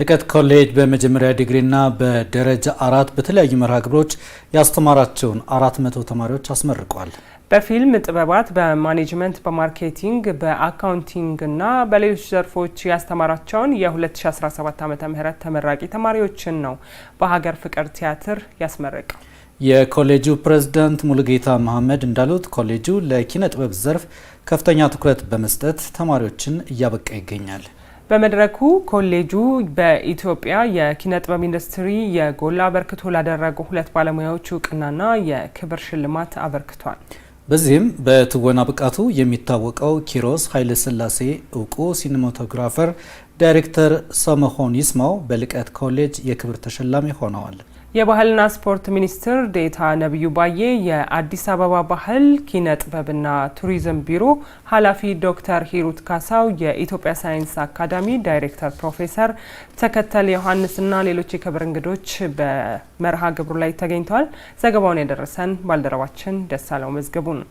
ልቀት ኮሌጅ በመጀመሪያ ዲግሪና በደረጃ አራት በተለያዩ መርሃ ግብሮች ያስተማራቸውን አራት መቶ ተማሪዎች አስመርቋል። በፊልም ጥበባት፣ በማኔጅመንት፣ በማርኬቲንግ፣ በአካውንቲንግ እና በሌሎች ዘርፎች ያስተማራቸውን የ2017 ዓ ም ተመራቂ ተማሪዎችን ነው በሀገር ፍቅር ቲያትር ያስመረቀ። የኮሌጁ ፕሬዝዳንት ሙሉጌታ መሐመድ እንዳሉት ኮሌጁ ለኪነ ጥበብ ዘርፍ ከፍተኛ ትኩረት በመስጠት ተማሪዎችን እያበቃ ይገኛል። በመድረኩ ኮሌጁ በኢትዮጵያ የኪነ ጥበብ ኢንዱስትሪ የጎላ አበርክቶ ላደረጉ ሁለት ባለሙያዎች እውቅናና የክብር ሽልማት አበርክቷል። በዚህም በትወና ብቃቱ የሚታወቀው ኪሮስ ኃይለስላሴ እውቁ ሲኒማቶግራፈር ዳይሬክተር ሰመሆን ይስማው በልቀት ኮሌጅ የክብር ተሸላሚ ሆነዋል። የባህልና ስፖርት ሚኒስትር ዴታ ነቢዩ ባዬ የአዲስ አበባ ባህል ኪነ ጥበብና ቱሪዝም ቢሮ ኃላፊ ዶክተር ሂሩት ካሳው የኢትዮጵያ ሳይንስ አካዳሚ ዳይሬክተር ፕሮፌሰር ተከተል ዮሐንስና ሌሎች የክብር እንግዶች በመርሃ ግብሩ ላይ ተገኝተዋል። ዘገባውን ያደረሰን ባልደረባችን ደሳለው መዝገቡ ነው።